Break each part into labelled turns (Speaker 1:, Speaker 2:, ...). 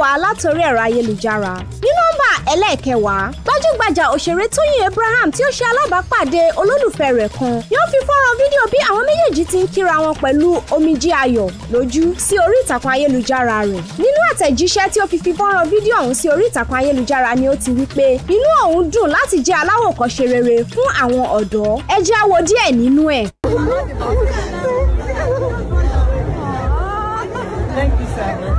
Speaker 1: wá látòrí ẹ̀rọ ayélujára ní nọ́mbà ẹlẹ́ẹ̀kẹwàá gbajúgbajà òṣèré Tóyìn Abraham tí ó ṣe alábàápàdé olólùfẹ́ rẹ̀ kan ni ó fi fọ́nrán fídíò bí àwọn méjèèjì ti ń kíra wọn pẹ̀lú omijé ayọ̀ lójú sí orí ìtàkùn ayélujára rẹ̀ nínú àtẹ̀jíṣẹ́ tí ó fi fi fọ́nrán fídíò ọ̀hún sí orí ìtàkùn ayélujára ni ó ti wí pé inú òun dùn láti jẹ́ aláwòkọ́ṣe rere fún àwọn ọ̀dọ́ ẹ jẹ́ á wo díẹ̀ nínú Thank you, Sarah.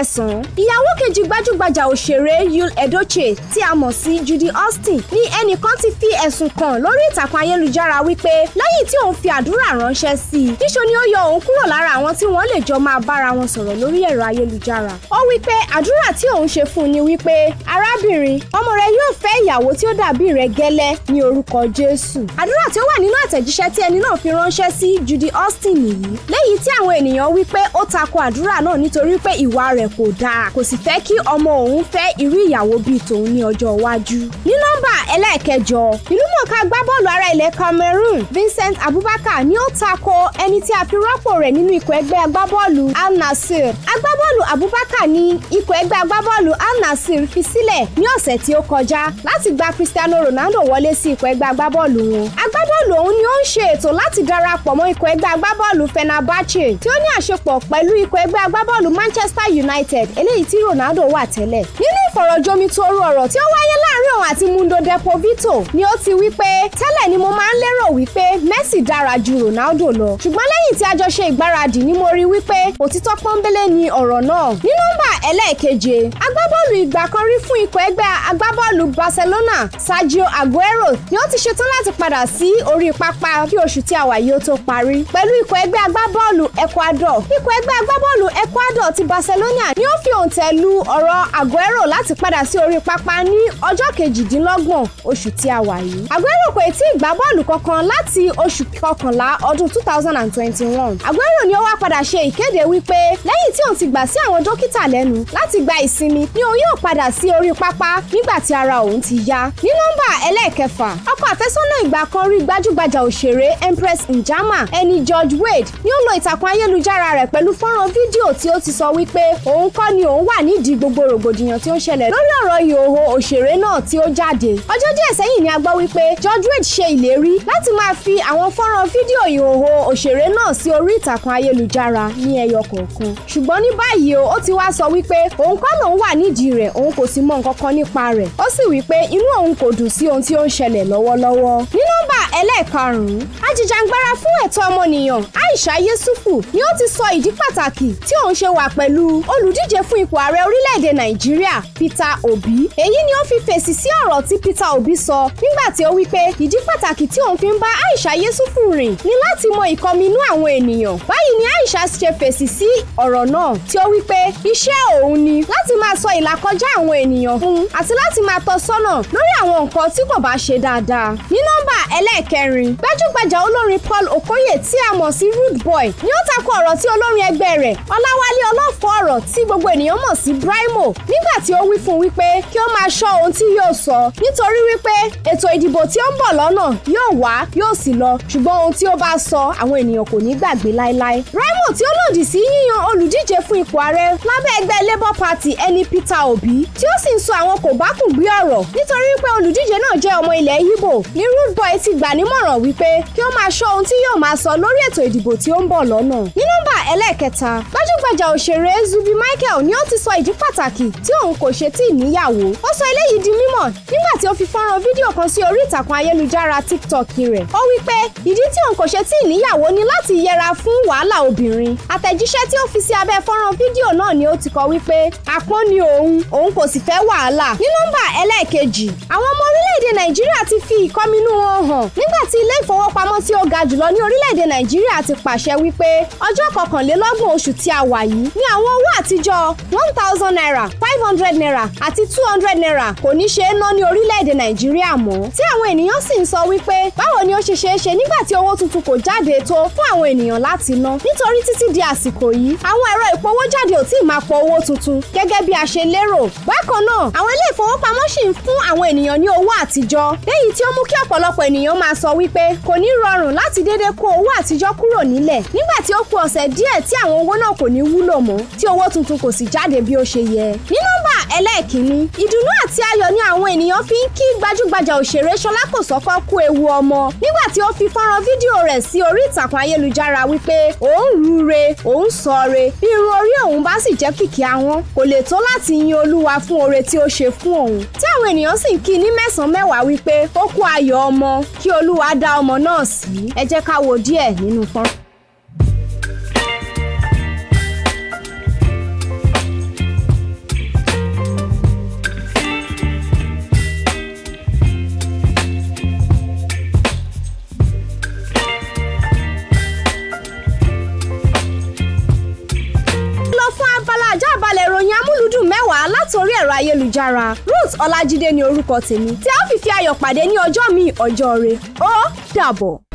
Speaker 1: kẹsàn-án. ìyàwó kejì gbajúgbajà òṣèré Yul edoche tí a mọ̀ sí Judy Austin ni ẹnìkan ti fi ẹ̀sùn kàn lórí ìtàkùn ayélujára wípé lẹ́yìn tí òun fi àdúrà ránṣẹ́ sí i níṣo ni ó yọ òun kúrò lára àwọn tí wọ́n lè jọ máa bára wọn sọ̀rọ̀ lórí ẹ̀rọ ayélujára. ó wí pé àdúrà tí òun ṣe fún un ni wípé arábìnrin ọmọ rẹ yóò fẹ́ ìyàwó tí ó dàbí rẹ gẹ́lẹ́ ní orúkọ Jésù. àdúrà tí ó wà nínú àtẹ̀jíṣẹ́ tí ẹni náà fi ránṣẹ́ sí Judy Austin nìyí léyìí tí àwọn ènìyàn wí pé ó tako àdúrà náà nítorí pé ìwà rẹ̀ kò dáa kò sì fẹ́ kí ọmọ òun fẹ́ irú ìyàwó bíi tòun ní ọjọ́ iwájú. ní nọ́mbà ẹlẹ́ẹ̀kẹjọ ìlúmọ̀ọ́ká agbábọ́ọ̀lù ara ilẹ̀ Cameroon Vincent Abubakar ni ó tako ẹni tí a fi rọ́pò rẹ̀ nínú ikọ̀ ẹgbẹ́ agbábọ́ọ̀lù Al Nasir agbábọ́ọ̀lù Abubakar ni ikọ̀ ẹgbẹ́ agbábọ́ọ̀lù Al Nasir fi sílẹ̀ ní ọ̀sẹ̀ tí ó kọjá láti gba Cristiano Ronaldo wọlé sí ikọ̀ ẹgbẹ́ agbábọ́ọ̀lù wọn agbá bọ́ọ̀lù òun ni ó ń ṣe ètò láti darapọ̀ mọ́ ikọ̀ ẹgbẹ́ agbábọ́ọ̀lù Fenerbahce tí ó ní àṣepọ̀ pẹ̀lú ikọ̀ ẹgbẹ́ agbábọ́ọ̀lù Manchester United eléyìí tí Ronaldo wà tẹ́lẹ̀ nínú ìfọ̀rọ̀jomitoro ọ̀rọ̀ tí ó wáyé láàrin Beckham àti Mundo Deposito ni ó ti wí pé tẹ́lẹ̀ ni mo máa ń lérò wípé Messi dára ju Ronaldo lọ ṣùgbọ́n lẹ́yìn tí a jọ ṣe ìgbáradì ni mo rí wípé òtítọ́ pọ́nbélé ni ọ̀rọ̀ náà ní nọ́mbà ẹlẹ́ẹ̀keje agbábọ́ọ̀lù ìgbà kan rí fún ikọ̀ ẹgbẹ́ agbábọ́ọ̀lù Barcelona Sergio Aguero ni ó ti ṣetán láti padà sí orí pápá kí oṣù tí a wà yìí ó tó parí pẹ̀lú ikọ̀ ẹgbẹ́ agbábọ́ọ̀lù Ecuador ikọ̀ ẹgbẹ́ agbábọ́ọ̀lù Ecuador ti Barcelona ni ó fi lu ọ̀rọ̀ Aguero láti padà sí orí pápá ní ọjọ́ kejìdínlọ́gbọ̀n oṣù tí a wà yìí. Aguero kò tí ì gbá bọ́ọ̀lù kankan láti oṣù kọkànlá ọdún 2021. Aguero ni ó wá padà ṣe ìkéde wípé lẹ́yìn tí òun ti gbà sí àwọn dókítà lẹ́nu láti gba ìsinmi ni òun yóò padà sí orí pápá nígbà tí ara òun ti yá. Ní nọ́mbà ẹlẹ́ẹ̀kẹfà, ọkọ àfẹ́sọ́nà ìgbà kan rí gbajúgbajà òṣèré Empress Njama ẹni George Wade ni ó lo ìtàkùn ayélujára rẹ̀ pẹ̀lú fọ́nrán fídíò tí ó ti sọ wípé òun kọ́ ni òun wà nídìí gbogbo rògbòdìyàn tí ó ń ṣẹlẹ̀ lórí ọ̀rọ̀ ìhòòhò òṣèré náà tí ó jáde. ọjọ́ díẹ̀ sẹ́yìn ni a gbọ́ wípé George Wade ṣe ìlérí láti máa fi àwọn fọ́nrán fídíò ìhòòhò òṣèré náà sí orí ìtàkùn ayélujára ní ẹyọ kọ̀ọ̀kan. ṣùgbọ́n ní báyìí o ó ti wá sọ wípé òun kọ́ lòun wà nídìí rẹ̀ òun kò sì mọ nǹkan kan nípa rẹ̀ ó sì wípé inú òun kò dùn sí ohun tí ó ń ṣẹlẹ̀ lọ́wọ́lọ́wọ́. ní nọ́mbà ẹlẹ́ẹ̀karùn-ún ajìjàngbara fún ẹ̀tọ́ ọmọnìyàn Aisha Yesufu ni ó ti sọ ìdí pàtàkì tí òun ṣe wà pẹ̀lú olùdíje fún ipò ààrẹ orílẹ̀-èdè Nàìjíríà Peter Obi èyí ni ó fi fèsì sí sí ọ̀rọ̀ tí Peter Obi sọ nígbà tí ó wí pé ìdí pàtàkì tí òun fi ń bá Aisha Yesufu rìn ni láti mọ ìkọminú àwọn ènìyàn báyìí ni Aisha ṣe fèsì sí ọ̀rọ̀ náà tí ó wí pé iṣẹ́ òun ni láti máa sọ ìlàkọjá àwọn ènìyàn fún àti láti máa tọ́ sọ́nà lórí àwọn nǹkan tí kò bá ṣe dáadáa ní nọ́mbà ẹlẹ́ẹ̀kẹrin gbajúgbajà olórin Paul Okoye tí a mọ̀ sí Rude Boy ni ó takò ọ̀rọ̀ tí olórin ẹgbẹ́ rẹ̀ Ọláwálé Ọlọ́fọ̀ọ́rọ̀ tí gbogbo ènìyàn mọ̀ sí Brymo nígbà tí ó wí fún wípé kí ó máa ṣọ́ ohun tí yóò yóò sọ nítorí wípé ètò ìdìbò tí ó ń bọ̀ lọ́nà yóò wá yóò sì lọ ṣùgbọ́n ohun tí ó bá sọ àwọn ènìyàn kò ní gbàgbé láéláé. Raimo tí ó lòdì sí yíyan olùdíje fún ipò ààrẹ lábẹ́ ẹgbẹ́ Labour Party ẹni Peter Obi tí ó sì ń sọ àwọn kò bá kùn bí ọ̀rọ̀ nítorí wípé olùdíje náà jẹ́ ọmọ ilẹ̀ Igbo ní Rude Boy ti gbà nímọ̀ràn wípé kí ó máa ṣọ́ ohun tí yóò máa sọ lórí ètò ìdìbò tí ó ń bọ̀ lọ́nà. ní nọ́mbà ẹlẹ́ẹ̀kẹta gbajúgbajà òṣèré Zubi Michael ni ó ti sọ ìdí pàtàkì tí òun kò ṣe tí ì níyàwó ó sọ eléyìí di mímọ̀ náà nígbà tí ó fi fọ́nrán fídíò kan sí orí ìtàkùn ayélujára TikTok rẹ̀ ó wí pé ìdí tí òun kò ṣe tí ì níyàwó ni láti yẹra fún wàhálà obìnrin àtẹ̀jíṣẹ́ tí ó fi sí abẹ́ fọ́nrán fídíò náà ni ó ti kọ wípé àpọ́n ni òun òun kò sì fẹ́ wàhálà ní nọ́mbà ẹlẹ́ẹ̀kejì àwọn ọmọ orílẹ̀-èdè Nàìjíríà ti fi ìkọminú wọn hàn nígbà tí ilé ìfowópamọ́ tí ó ga jùlọ ní orílẹ̀-èdè Nàìjíríà ti pàṣẹ wípé ọjọ́ kọkànlélọ́gbọ̀n oṣù tí a wà yìí ni àwọn owó àtijọ́ one thousand naira five hundred naira àti two hundred naira kò ní ṣe ṣeé ná ní orílẹ̀-èdè nàìjíríà mọ́ tí àwọn ènìyàn sì ń sọ wípé báwo ni ó ṣe ṣeé ṣe nígbà tí owó tuntun kò jáde tó fún àwọn ènìyàn láti ná nítorí títí di àsìkò yìí àwọn ẹ̀rọ ìpowójáde ò tí ì máa pọ owó tuntun gẹ́gẹ́ bí a ṣe lérò bákan náà àwọn ilé ìfowópamọ́ sì ń fún àwọn ènìyàn ní owó àtijọ́ léyìí tí ó mú kí ọ̀pọ̀lọpọ̀ ènìyàn máa sọ wípé kò ní rọrùn láti dédé kó owó àtijọ́ kúrò nílẹ̀ nígbà tí ó kù ọ̀sẹ̀ díẹ̀ tí àwọn owó náà kò ní wúlò mọ́ tí owó tuntun kò sì jáde bí ó ṣe yẹ nínú ẹlẹ́ẹ̀kínní ìdùnnú àti ayọ̀ ni àwọn ènìyàn fi ń kí gbajúgbajà òṣèré Ṣọlá Kòsọ́kọ́ kú ewu ọmọ nígbà tí ó fi fọ́nrán fídíò rẹ̀ sí orí ìtàkùn ayélujára wípé òun rúre òun sọre bí irun orí òun bá sì jẹ́ kìkì àwọn kò lè tó láti yin Olúwa fún oore tí ó ṣe fún òun tí àwọn ènìyàn sì ń kí ní mẹ́sàn-án mẹ́wàá wípé ó kú ayọ̀ ọmọ kí Olúwa dá ọmọ náà sí ẹ jẹ́ ká wo díẹ̀ nínú fọ́nrán. ayélujára Ruth Ọlájídé ni orúkọ tèmi tí a ó fi fi ayọ̀ pàdé ní ọjọ́ mi ọjọ́ re ó dàbọ̀.